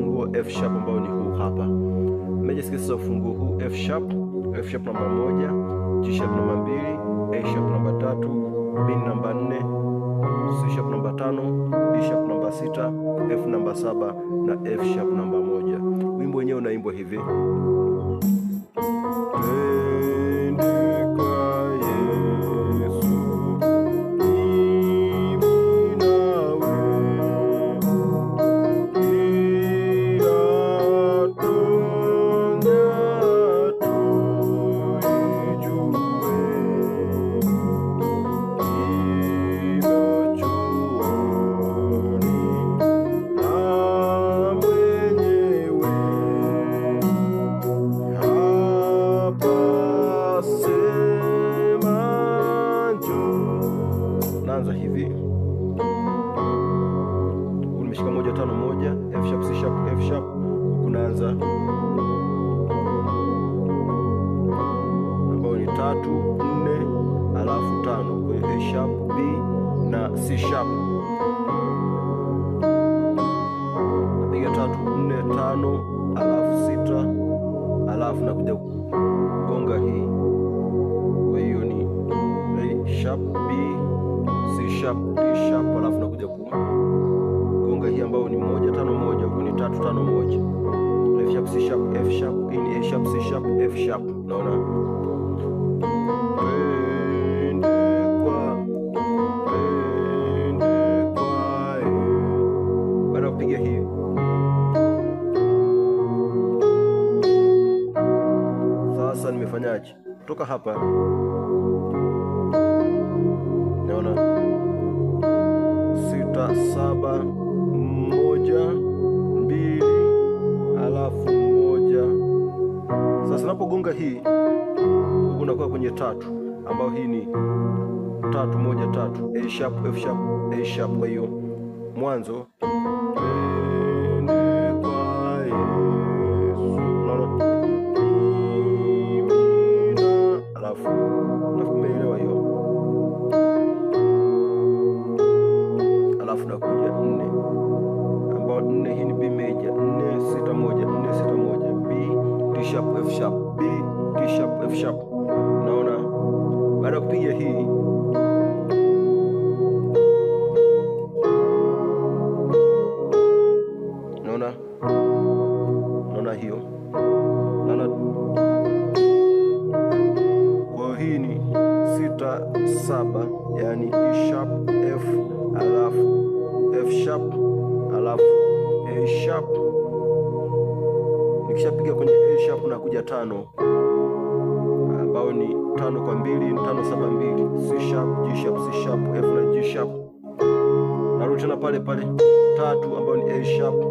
ufunguo F sharp ambao ni huu hapa. Meja ufunguo huu F sharp, F sharp namba moja, G sharp namba mbili, A sharp namba tatu, B namba nne, C sharp namba tano, D sharp namba sita, F namba saba na F sharp namba moja. Wimbo wenyewe unaimbwa hivi hey. mkutano kwa hiyo A sharp, B na C sharp. Napiga tatu nne tano, alafu sita, alafu nakuja kugonga hii. Kwa hiyo ni A sharp, B, C sharp, D sharp, alafu nakuja kugonga hii ambayo ni moja tano moja, huko ni tatu tano moja. F sharp, C sharp, F sharp, A sharp, C sharp, F sharp. Naona kutoka hapa, naona sita saba moja mbili, alafu moja. Sasa napogonga hii huku kwenye tatu, ambayo hii ni tatu moja tatu, A sharp, F sharp, A sharp. Kwa hiyo mwanzo tabia hii. hiyo, hii ni sita saba, yani E sharp F alafu F sharp alafu A sharp, nikishapiga kwenye A sharp na kuja tano ambayo ni tano kwa mbili tano saba mbili C sharp G sharp C sharp F na G sharp. Narudi tena pale pale tatu ambayo ni A sharp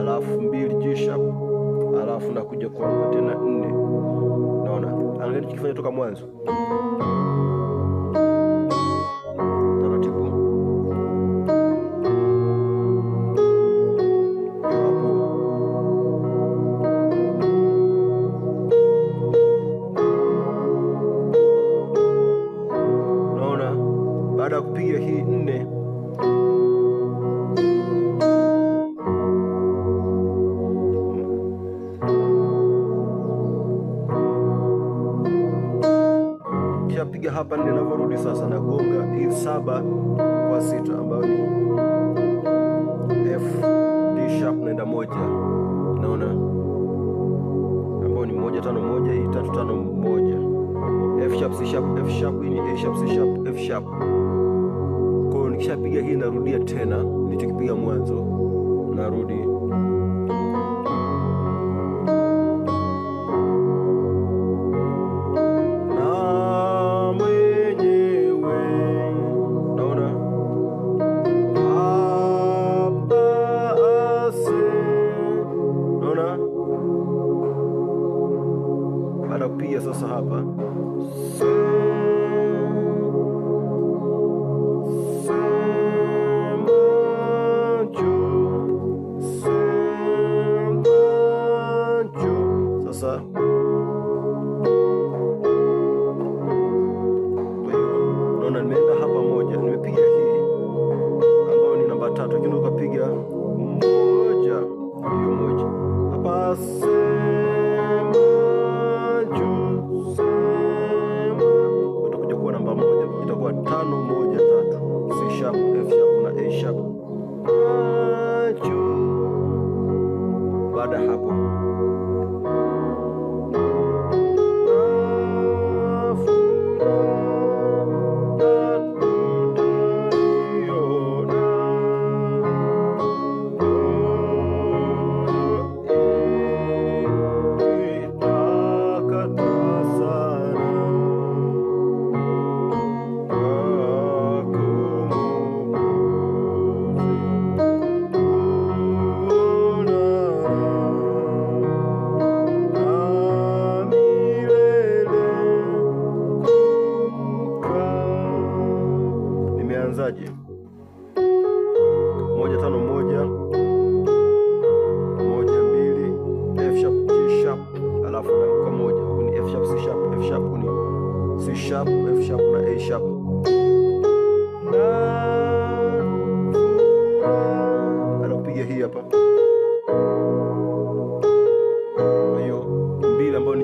alafu mbili G sharp alafu nakuja kuanguka tena nne. Naona, angalia tukifanya toka mwanzo. hapa ninavyorudi sasa nagonga hii saba kwa sita ambayo ni F D sharp naenda moja, naona ambayo ni moja tano moja, hii tatu tano moja, F sharp C sharp F sharp, hii ni A sharp C sharp F sharp. Kwa hiyo nikishapiga hii narudia tena nilichokipiga mwanzo, narudi Merhaba.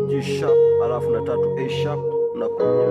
ni G sharp alafu na tatu A sharp na kuja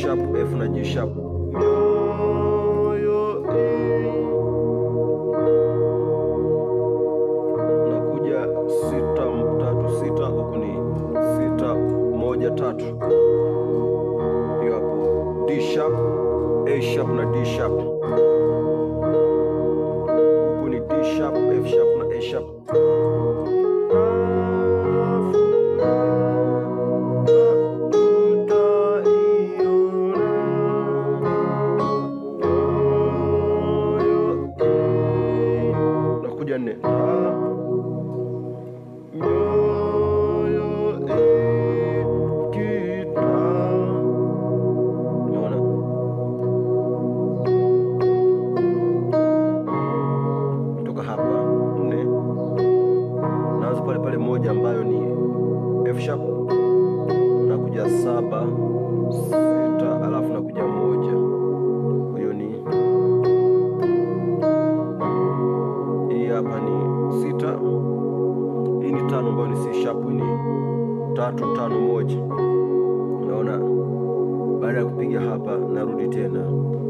sharp, F na G sharp. Nakuja sita tatu sita, huku ni sita moja tatu. Hiyo hapo D sharp, A sharp na D sharp. sita. Hii ni tano ambayo ni C sharp, ni tatu tano moja. Unaona, baada ya kupiga hapa narudi tena